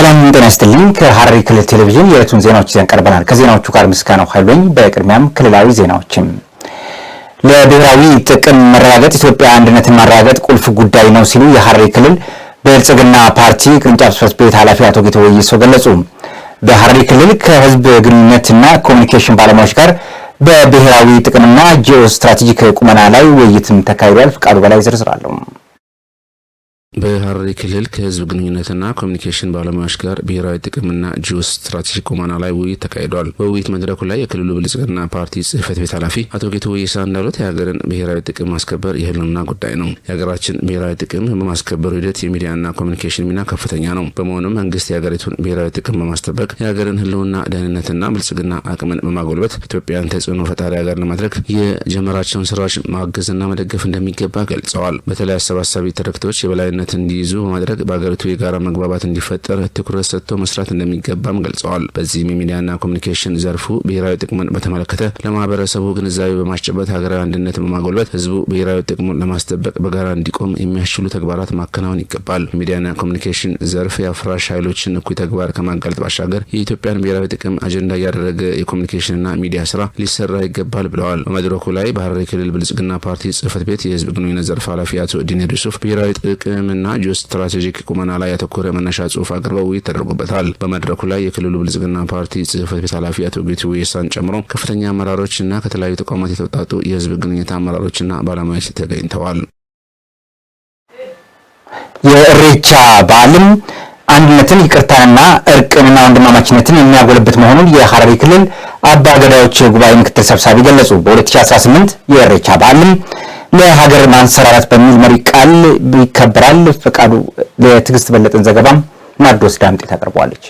ሰላም ጤና ይስጥልኝ። ከሐረሪ ክልል ቴሌቪዥን የዕለቱን ዜናዎች ይዘን ቀርበናል። ከዜናዎቹ ጋር ምስጋናው ኃይሎኝ። በቅድሚያም ክልላዊ ዜናዎችም ለብሔራዊ ጥቅም መረጋገጥ ኢትዮጵያ አንድነትን ማረጋገጥ ቁልፍ ጉዳይ ነው ሲሉ የሐረሪ ክልል ብልጽግና ፓርቲ ቅርንጫፍ ጽሕፈት ቤት ኃላፊ አቶ ጌቶ ወይሶ ገለጹ። በሐረሪ ክልል ከህዝብ ግንኙነትና ኮሚኒኬሽን ባለሙያዎች ጋር በብሔራዊ ጥቅምና ጂኦ ስትራቴጂክ ቁመና ላይ ውይይትም ተካሂዷል። ፍቃዱ በላይ ዝርዝር አለው። በሐረሪ ክልል ከህዝብ ግንኙነትና ኮሚኒኬሽን ባለሙያዎች ጋር ብሔራዊ ጥቅምና ጂኦ ስትራቴጂክ ቁመና ላይ ውይይት ተካሂዷል። በውይይት መድረኩ ላይ የክልሉ ብልጽግና ፓርቲ ጽህፈት ቤት ኃላፊ አቶ ጌቱ ወይሳ እንዳሉት የሀገርን ብሔራዊ ጥቅም ማስከበር የህልውና ጉዳይ ነው። የሀገራችን ብሔራዊ ጥቅም በማስከበሩ ሂደት የሚዲያና ኮሚኒኬሽን ሚና ከፍተኛ ነው። በመሆኑም መንግስት የሀገሪቱን ብሔራዊ ጥቅም በማስጠበቅ የሀገርን ህልውና፣ ደህንነትና ብልጽግና አቅምን በማጎልበት ኢትዮጵያን ተጽዕኖ ፈጣሪ ሀገር ለማድረግ የጀመራቸውን ስራዎች ማገዝና መደገፍ እንደሚገባ ገልጸዋል። በተለይ አሰባሳቢ ትርክቶች የበላይነት ኃላፊነት እንዲይዙ በማድረግ በአገሪቱ የጋራ መግባባት እንዲፈጠር ትኩረት ሰጥቶ መስራት እንደሚገባም ገልጸዋል። በዚህም የሚዲያና ኮሚኒኬሽን ዘርፉ ብሔራዊ ጥቅሙን በተመለከተ ለማህበረሰቡ ግንዛቤ በማስጨበጥ ሀገራዊ አንድነት በማጎልበት ህዝቡ ብሔራዊ ጥቅሙን ለማስጠበቅ በጋራ እንዲቆም የሚያስችሉ ተግባራት ማከናወን ይገባል። የሚዲያና ኮሚኒኬሽን ዘርፍ የአፍራሽ ኃይሎችን እኩይ ተግባር ከማጋለጥ ባሻገር የኢትዮጵያን ብሔራዊ ጥቅም አጀንዳ እያደረገ የኮሚኒኬሽንና ሚዲያ ስራ ሊሰራ ይገባል ብለዋል። በመድረኩ ላይ ሐረሪ ክልል ብልጽግና ፓርቲ ጽህፈት ቤት የህዝብ ግንኙነት ዘርፍ ኃላፊ አቶ ዲኔር ዩሱፍ ብሔራዊ ጥቅም ጥቅምና ጂኦ ስትራቴጂክ ቁመና ላይ ያተኮረ መነሻ ጽሁፍ አቅርበው ውይይት ተደርጎበታል። በመድረኩ ላይ የክልሉ ብልጽግና ፓርቲ ጽህፈት ቤት ኃላፊ አቶ ጌቱ ውየሳን ጨምሮ ከፍተኛ አመራሮች እና ከተለያዩ ተቋማት የተውጣጡ የህዝብ ግንኙነት አመራሮችና ባለሙያዎች ተገኝተዋል። የእሬቻ በዓልም አንድነትን ይቅርታንና እርቅንና ወንድማማችነትን የሚያጎልበት መሆኑን የሐረሪ ክልል አባ ገዳዎች ጉባኤ ምክትል ሰብሳቢ ገለጹ። በ2018 የእሬቻ በዓልም ለሀገር ማንሰራራት በሚል መሪ ቃል ይከበራል። ፈቃዱ ለትዕግስት በለጠን ዘገባ ማዶስ ዳምጤ አቅርበዋለች።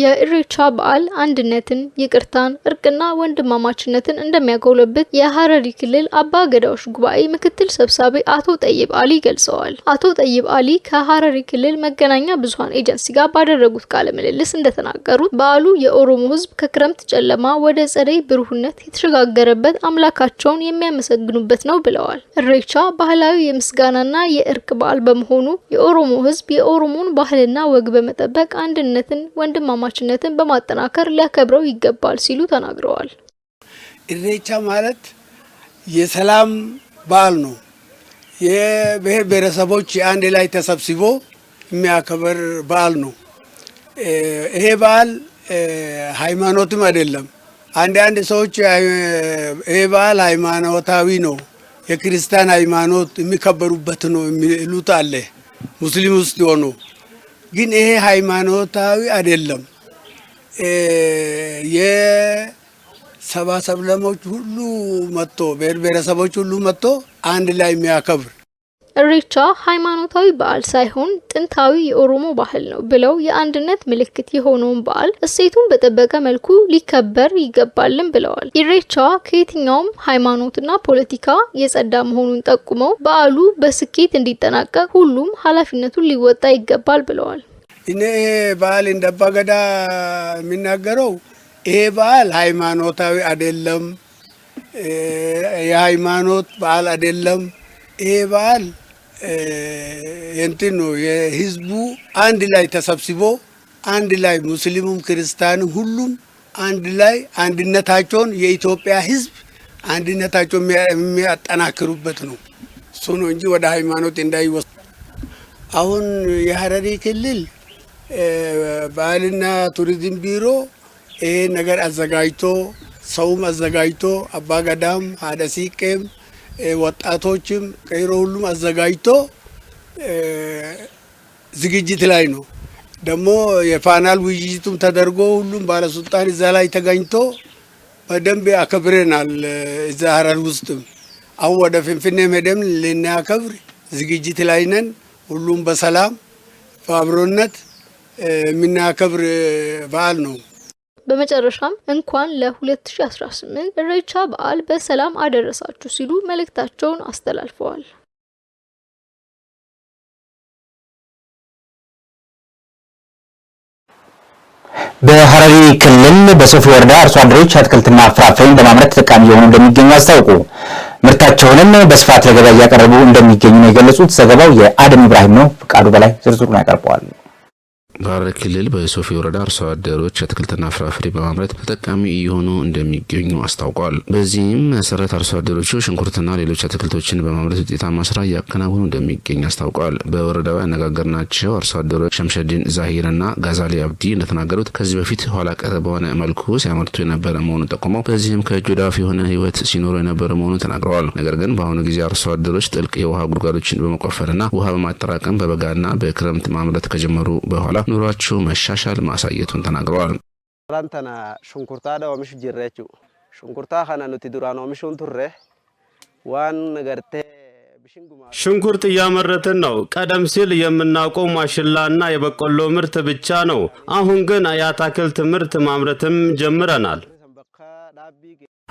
የኢሬቻ በዓል አንድነትን፣ ይቅርታን፣ እርቅና ወንድማማችነትን እንደሚያጎለብት የሀረሪ ክልል አባ ገዳዎች ጉባኤ ምክትል ሰብሳቢ አቶ ጠይብ አሊ ገልጸዋል። አቶ ጠይብ አሊ ከሀረሪ ክልል መገናኛ ብዙኃን ኤጀንሲ ጋር ባደረጉት ቃለ ምልልስ እንደተናገሩት በዓሉ የኦሮሞ ሕዝብ ከክረምት ጨለማ ወደ ጸደይ ብሩህነት የተሸጋገረበት አምላካቸውን የሚያመሰግኑበት ነው ብለዋል። ኢሬቻ ባህላዊ የምስጋናና የእርቅ በዓል በመሆኑ የኦሮሞ ሕዝብ የኦሮሞን ባህልና ወግ በመጠበቅ አንድነትን ወንድማ ወንድማማችነትን በማጠናከር ሊያከብረው ይገባል ሲሉ ተናግረዋል። ኢሬቻ ማለት የሰላም በዓል ነው። የብሔር ብሔረሰቦች የአንድ ላይ ተሰብስቦ የሚያከበር በዓል ነው። ይሄ በዓል ሃይማኖትም አይደለም። አንዳንድ ሰዎች ይሄ በዓል ሃይማኖታዊ ነው፣ የክርስቲያን ሃይማኖት የሚከበሩበት ነው የሚሉት አለ ሙስሊም ውስጥ የሆኑ ግን ይሄ ሃይማኖታዊ አይደለም። የሰባሰብለሞች ሁሉ መጥቶ ብሔር ብሔረሰቦች ሁሉ መጥቶ አንድ ላይ የሚያከብር እሬቻ ሃይማኖታዊ በዓል ሳይሆን ጥንታዊ የኦሮሞ ባህል ነው ብለው የአንድነት ምልክት የሆነውን በዓል እሴቱን በጠበቀ መልኩ ሊከበር ይገባልን ብለዋል። ኢሬቻ ከየትኛውም ሃይማኖትና ፖለቲካ የጸዳ መሆኑን ጠቁመው በዓሉ በስኬት እንዲጠናቀቅ ሁሉም ኃላፊነቱን ሊወጣ ይገባል ብለዋል። እኔ በዓል እንደ አባገዳ የሚናገረው ይሄ በዓል ሃይማኖታዊ አይደለም፣ የሃይማኖት በዓል አይደለም። ይሄ በዓል እንትን ነው የህዝቡ አንድ ላይ ተሰብስቦ አንድ ላይ ሙስሊሙም ክርስቲያንም ሁሉም አንድ ላይ አንድነታቸውን የኢትዮጵያ ህዝብ አንድነታቸውን የሚያጠናክሩበት ነው። እሱ ነው እንጂ ወደ ሃይማኖት እንዳይወስ አሁን የሀረሪ ክልል ባህልና ቱሪዝም ቢሮ ይሄን ነገር አዘጋጅቶ ሰውም አዘጋጅቶ አባገዳም ሀደ ሲቄም ወጣቶችም ቀይሮ ሁሉም አዘጋጅቶ ዝግጅት ላይ ነው። ደግሞ የፋናል ውይይቱም ተደርጎ ሁሉም ባለስልጣን እዛ ላይ ተገኝቶ በደንብ አከብረናል። እዛ ሀረር ውስጥም አሁን ወደ ፍንፍኔ መደም ልናከብር ዝግጅት ላይ ነን። ሁሉም በሰላም በአብሮነት የምናከብር በዓል ነው። በመጨረሻም እንኳን ለ2018 ኢሬቻ በዓል በሰላም አደረሳችሁ ሲሉ መልእክታቸውን አስተላልፈዋል። በሐረሪ ክልል በሶፊ ወረዳ አርሶ አደሮች አትክልትና ፍራፍሬን በማምረት ተጠቃሚ የሆኑ እንደሚገኙ አስታውቁ። ምርታቸውንም በስፋት ለገበያ እያቀረቡ እንደሚገኙ ነው የገለጹት። ዘገባው የአደም ኢብራሂም ነው። ፍቃዱ በላይ ዝርዝሩን ያቀርበዋል። ሀረሪ ክልል በሶፊ ወረዳ አርሶ አደሮች አትክልትና ፍራፍሬ በማምረት ተጠቃሚ እየሆኑ እንደሚገኙ አስታውቋል። በዚህም መሰረት አርሶ አደሮቹ ሽንኩርትና ሌሎች አትክልቶችን በማምረት ውጤታማ ስራ እያከናወኑ እንደሚገኝ አስታውቋል። በወረዳው ያነጋገርናቸው አርሶ አደሮች ሸምሸዲን ዛሂርና ጋዛሌ አብዲ እንደተናገሩት ከዚህ በፊት ኋላ ቀር በሆነ መልኩ ሲያመርቱ የነበረ መሆኑን ጠቁመው በዚህም ከእጅ ወደ አፍ የሆነ ህይወት ሲኖሩ የነበረ መሆኑን ተናግረዋል። ነገር ግን በአሁኑ ጊዜ አርሶ አደሮች ጥልቅ የውሃ ጉድጓዶችን በመቆፈርና ውሃ በማጠራቀም በበጋና በክረምት ማምረት ከጀመሩ በኋላ ኑሯቸው መሻሻል ማሳየቱን ተናግረዋል። ላንተና ሽንኩርታ ዳኦሚሽ ጅሬችው ሽንኩርታ ከነ ኑቲ ዱራን ኦሚሹን ቱሬ ዋን ገርቴ ሽንኩርት እያመረትን ነው። ቀደም ሲል የምናውቀው ማሽላና የበቆሎ ምርት ብቻ ነው። አሁን ግን የአታክልት ምርት ማምረትም ጀምረናል።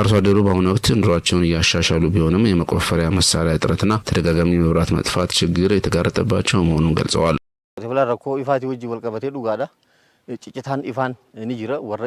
አርሶ አደሩ በአሁኑ ወቅት ኑሯቸውን እያሻሻሉ ቢሆንም የመቆፈሪያ መሳሪያ እጥረትና ተደጋጋሚ መብራት መጥፋት ችግር የተጋረጠባቸው መሆኑን ገልጸዋል። Qotee rakkoo ifaatii wajjin wal qabatee dhugaadha. ጭጭታን ኢፋን ኒጅረ ወረ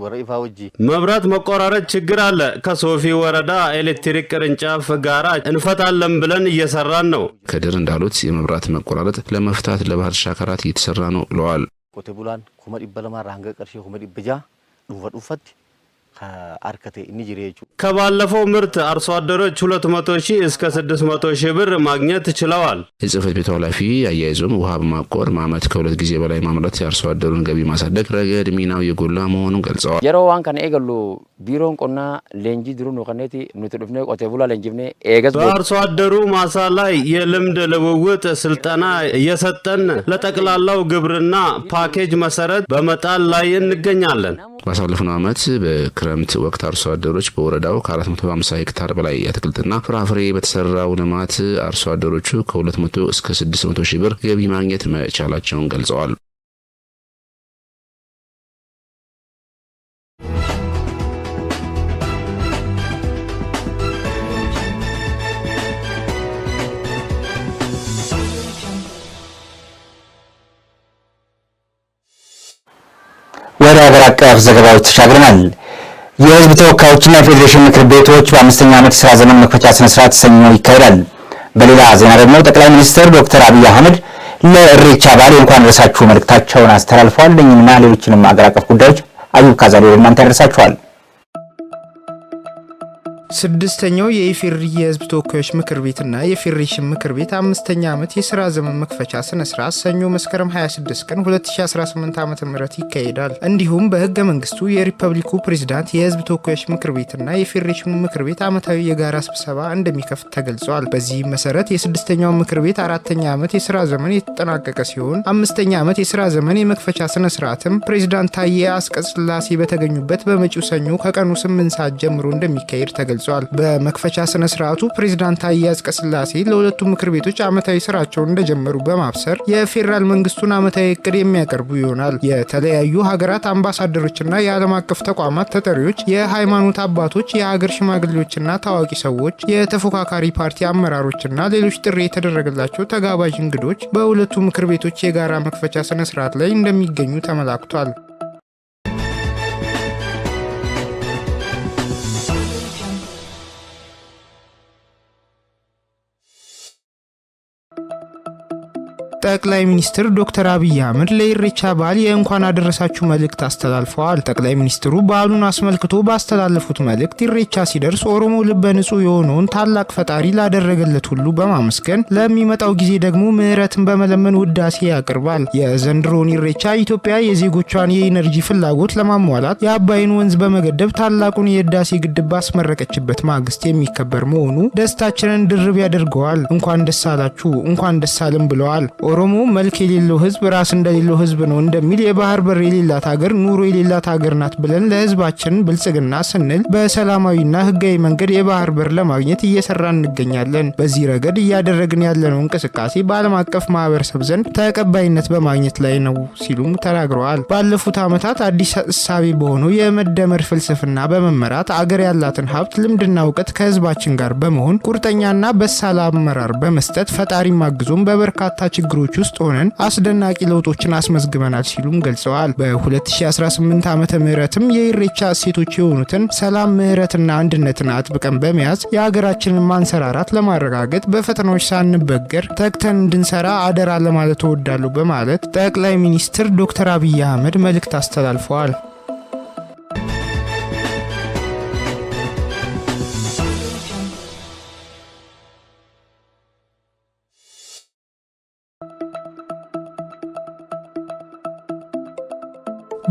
ወረ ኢፋ ወጂ መብራት መቆራረጥ ችግር አለ። ከሶፊ ወረዳ ኤሌክትሪክ ቅርንጫፍ ጋራ እንፈታለን ብለን እየሰራን ነው። ከድር እንዳሉት የመብራት መቆራረጥ ለመፍታት ለባህር ሻከራት እየተሰራ ነው ብለዋል። ቆቴ ቡላን ኩመ ዲበለማ ራንገ ቀርሼ ኩመ ዲበጃ ዱንፈ ዱንፈት አርከቴ እንጅሬ ከባለፈው ምርት አርሶ አደሮች 200 ሺህ እስከ 600 ሺህ ብር ማግኘት ችለዋል። የጽህፈት ቤቱ ኃላፊ አያይዞም ውሃ በማቆር ማመት ከሁለት ጊዜ በላይ ማምረት የአርሶ አደሩን ገቢ ማሳደግ ረገድ ሚናው የጎላ መሆኑን ገልጸዋል። ዋን ከነ ኤገሉ ቢሮን ቆና ሌንጂ ድሩ ኖከኔቲ ኑትዱፍኔ ቆቴ ቡላ ሌንጂፍኔ ኤገዝ በአርሶ አደሩ ማሳ ላይ የልምድ ልውውጥ ስልጠና እየሰጠን ለጠቅላላው ግብርና ፓኬጅ መሰረት በመጣል ላይ እንገኛለን። ባሳለፍነው ዓመት ክረምት ወቅት አርሶ አደሮች በወረዳው ከ450 ሄክታር በላይ አትክልትና ፍራፍሬ በተሰራው ልማት አርሶ አደሮቹ ከ200 እስከ 600 ሺህ ብር ገቢ ማግኘት መቻላቸውን ገልጸዋል። ወደ ሀገር አቀፍ ዘገባዎች ተሻግረናል። የህዝብ ተወካዮችና የፌዴሬሽን ምክር ቤቶች በአምስተኛ ዓመት የስራ ዘመን መክፈቻ ስነስርዓት ሰኞ ይካሄዳል። በሌላ ዜና ደግሞ ጠቅላይ ሚኒስትር ዶክተር አብይ አህመድ ለእሬቻ በዓል እንኳን ደረሳችሁ መልእክታቸውን አስተላልፈዋል። እኝንና ሌሎችንም አገር አቀፍ ጉዳዮች አዩብ ካዛሌ ወደ እናንተ ያደርሳችኋል። ስድስተኛው የኢፌሪ የህዝብ ተወካዮች ምክር ቤትና የፌዴሬሽን ምክር ቤት አምስተኛ ዓመት የሥራ ዘመን መክፈቻ ስነ ሥርዓት ሰኞ መስከረም 26 ቀን 2018 ዓ ም ይካሄዳል። እንዲሁም በሕገ መንግስቱ የሪፐብሊኩ ፕሬዝዳንት የህዝብ ተወካዮች ምክር ቤትና የፌዴሬሽኑ ምክር ቤት ዓመታዊ የጋራ ስብሰባ እንደሚከፍት ተገልጿል። በዚህም መሠረት የስድስተኛው ምክር ቤት አራተኛ ዓመት የሥራ ዘመን የተጠናቀቀ ሲሆን አምስተኛ ዓመት የሥራ ዘመን የመክፈቻ ስነ ሥርዓትም ፕሬዚዳንት ታዬ አጽቀሥላሴ በተገኙበት በመጪው ሰኞ ከቀኑ 8 ሰዓት ጀምሮ እንደሚካሄድ ተገልጿል። ገልጿል። በመክፈቻ ስነ ስርዓቱ ፕሬዚዳንት ታዬ አጽቀሥላሴ ለሁለቱ ምክር ቤቶች ዓመታዊ ስራቸውን እንደጀመሩ በማብሰር የፌዴራል መንግስቱን ዓመታዊ እቅድ የሚያቀርቡ ይሆናል። የተለያዩ ሀገራት አምባሳደሮችና የዓለም አቀፍ ተቋማት ተጠሪዎች፣ የሃይማኖት አባቶች፣ የሀገር ሽማግሌዎችና ታዋቂ ሰዎች፣ የተፎካካሪ ፓርቲ አመራሮችና ሌሎች ጥሪ የተደረገላቸው ተጋባዥ እንግዶች በሁለቱ ምክር ቤቶች የጋራ መክፈቻ ስነ ስርዓት ላይ እንደሚገኙ ተመላክቷል። ጠቅላይ ሚኒስትር ዶክተር አብይ አህመድ ለኢሬቻ በዓል የእንኳን አደረሳችሁ መልእክት አስተላልፈዋል። ጠቅላይ ሚኒስትሩ በዓሉን አስመልክቶ ባስተላለፉት መልእክት ኢሬቻ ሲደርስ ኦሮሞ ልበ ንጹህ የሆነውን ታላቅ ፈጣሪ ላደረገለት ሁሉ በማመስገን ለሚመጣው ጊዜ ደግሞ ምሕረትን በመለመን ውዳሴ ያቅርባል። የዘንድሮን ኢሬቻ ኢትዮጵያ የዜጎቿን የኢነርጂ ፍላጎት ለማሟላት የአባይን ወንዝ በመገደብ ታላቁን የህዳሴ ግድብ ባስመረቀችበት ማግስት የሚከበር መሆኑ ደስታችንን ድርብ ያደርገዋል። እንኳን ደስ አላችሁ፣ እንኳን ደስ አለን ብለዋል። ኦሮሞ መልክ የሌለው ህዝብ ራስ እንደሌለው ህዝብ ነው እንደሚል የባህር በር የሌላት ሀገር ኑሮ የሌላት ሀገር ናት ብለን ለህዝባችን ብልጽግና ስንል በሰላማዊና ህጋዊ መንገድ የባህር በር ለማግኘት እየሰራ እንገኛለን። በዚህ ረገድ እያደረግን ያለነው እንቅስቃሴ በዓለም አቀፍ ማህበረሰብ ዘንድ ተቀባይነት በማግኘት ላይ ነው ሲሉም ተናግረዋል። ባለፉት ዓመታት አዲስ እሳቢ በሆነው የመደመር ፍልስፍና በመመራት አገር ያላትን ሀብት ልምድና እውቀት ከህዝባችን ጋር በመሆን ቁርጠኛና በሳል አመራር በመስጠት ፈጣሪ ማግዞም በበርካታ ችግሮች ፓርቲዎች ውስጥ ሆነን አስደናቂ ለውጦችን አስመዝግበናል ሲሉም ገልጸዋል። በ2018 ዓ ምትም የኢሬቻ እሴቶች የሆኑትን ሰላም፣ ምህረትና አንድነትን አጥብቀን በመያዝ የሀገራችንን ማንሰራራት ለማረጋገጥ በፈተናዎች ሳንበገር ተግተን እንድንሰራ አደራ ለማለት እወዳለሁ በማለት ጠቅላይ ሚኒስትር ዶክተር አብይ አህመድ መልእክት አስተላልፈዋል።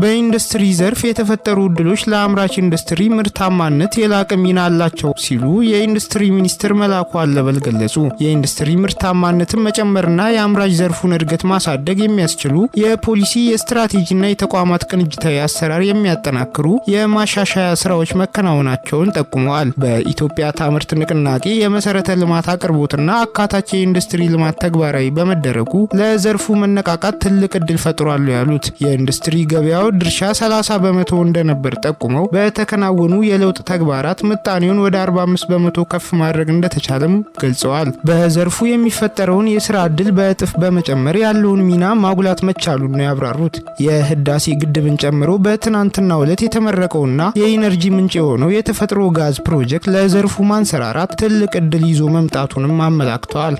በኢንዱስትሪ ዘርፍ የተፈጠሩ እድሎች ለአምራች ኢንዱስትሪ ምርታማነት የላቀ ሚና አላቸው ሲሉ የኢንዱስትሪ ሚኒስትር መላኩ አለበል ገለጹ። የኢንዱስትሪ ምርታማነትን መጨመርና የአምራች ዘርፉን እድገት ማሳደግ የሚያስችሉ የፖሊሲ የስትራቴጂና የተቋማት ቅንጅታዊ አሰራር የሚያጠናክሩ የማሻሻያ ስራዎች መከናወናቸውን ጠቁመዋል። በኢትዮጵያ ታምርት ንቅናቄ የመሰረተ ልማት አቅርቦትና አካታች የኢንዱስትሪ ልማት ተግባራዊ በመደረጉ ለዘርፉ መነቃቃት ትልቅ እድል ፈጥሯል ያሉት የኢንዱስትሪ ገበያ የወጣው ድርሻ 30 በመቶ እንደነበር ጠቁመው በተከናወኑ የለውጥ ተግባራት ምጣኔውን ወደ 45 በመቶ ከፍ ማድረግ እንደተቻለም ገልጸዋል። በዘርፉ የሚፈጠረውን የስራ ዕድል በእጥፍ በመጨመር ያለውን ሚና ማጉላት መቻሉን ነው ያብራሩት። የህዳሴ ግድብን ጨምሮ በትናንትናው ዕለት የተመረቀውና የኢነርጂ ምንጭ የሆነው የተፈጥሮ ጋዝ ፕሮጀክት ለዘርፉ ማንሰራራት ትልቅ ዕድል ይዞ መምጣቱንም አመላክተዋል።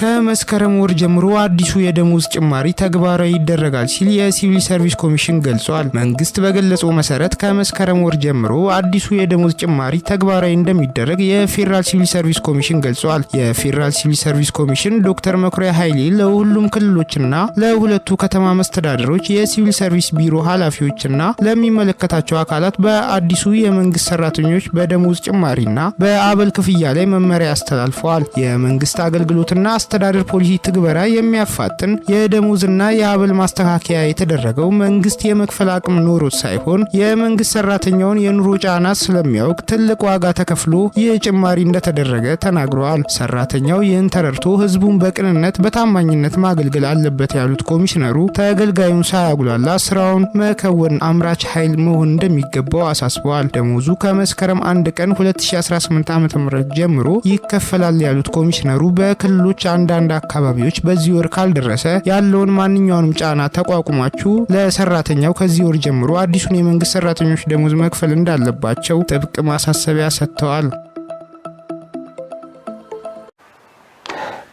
ከመስከረም ወር ጀምሮ አዲሱ የደሞዝ ጭማሪ ተግባራዊ ይደረጋል ሲል የሲቪል ሰርቪስ ኮሚሽን ገልጿል። መንግስት በገለጸው መሰረት ከመስከረም ወር ጀምሮ አዲሱ የደሞዝ ጭማሪ ተግባራዊ እንደሚደረግ የፌዴራል ሲቪል ሰርቪስ ኮሚሽን ገልጿል። የፌዴራል ሲቪል ሰርቪስ ኮሚሽን ዶክተር መኩሪያ ኃይሌ ለሁሉም ክልሎችና ለሁለቱ ከተማ መስተዳደሮች የሲቪል ሰርቪስ ቢሮ ኃላፊዎችና ለሚመለከታቸው አካላት በአዲሱ የመንግስት ሰራተኞች በደሞዝ ጭማሪና በአበል ክፍያ ላይ መመሪያ አስተላልፈዋል። የመንግስት አገልግሎትና የአስተዳደር ፖሊሲ ትግበራ የሚያፋጥን የደሞዝና የሀብል ማስተካከያ የተደረገው መንግስት የመክፈል አቅም ኖሮት ሳይሆን የመንግስት ሰራተኛውን የኑሮ ጫና ስለሚያውቅ ትልቅ ዋጋ ተከፍሎ ይህ ጭማሪ እንደተደረገ ተናግረዋል። ሰራተኛው ይህን ተረድቶ ህዝቡን በቅንነት በታማኝነት ማገልገል አለበት ያሉት ኮሚሽነሩ ተገልጋዩን ሳያጉላላ ስራውን መከወን አምራች ኃይል መሆን እንደሚገባው አሳስበዋል። ደሞዙ ከመስከረም አንድ ቀን 2018 ዓ.ም ጀምሮ ይከፈላል ያሉት ኮሚሽነሩ በክልሎች አንዳንድ አካባቢዎች በዚህ ወር ካልደረሰ ያለውን ማንኛውንም ጫና ተቋቁማችሁ ለሰራተኛው ከዚህ ወር ጀምሮ አዲሱን የመንግስት ሰራተኞች ደሞዝ መክፈል እንዳለባቸው ጥብቅ ማሳሰቢያ ሰጥተዋል።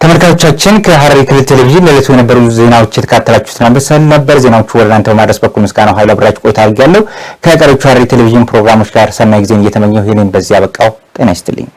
ተመልካቾቻችን ከሐረሪ ክልል ቴሌቪዥን ለዕለቱ የነበሩ ዜናዎች የተካተላችሁትን አንበሳል ነበር። ዜናዎቹ ወደ እናንተ በማድረስ በኩል ምስጋናው ኃይሉ አብራችሁ ቆይታ አድርጊያለሁ። ከቀሪዎቹ ሐረሪ ቴሌቪዥን ፕሮግራሞች ጋር ሰናይ ጊዜን እየተመኘሁ የኔን በዚያ በቃው። ጤና ይስጥልኝ።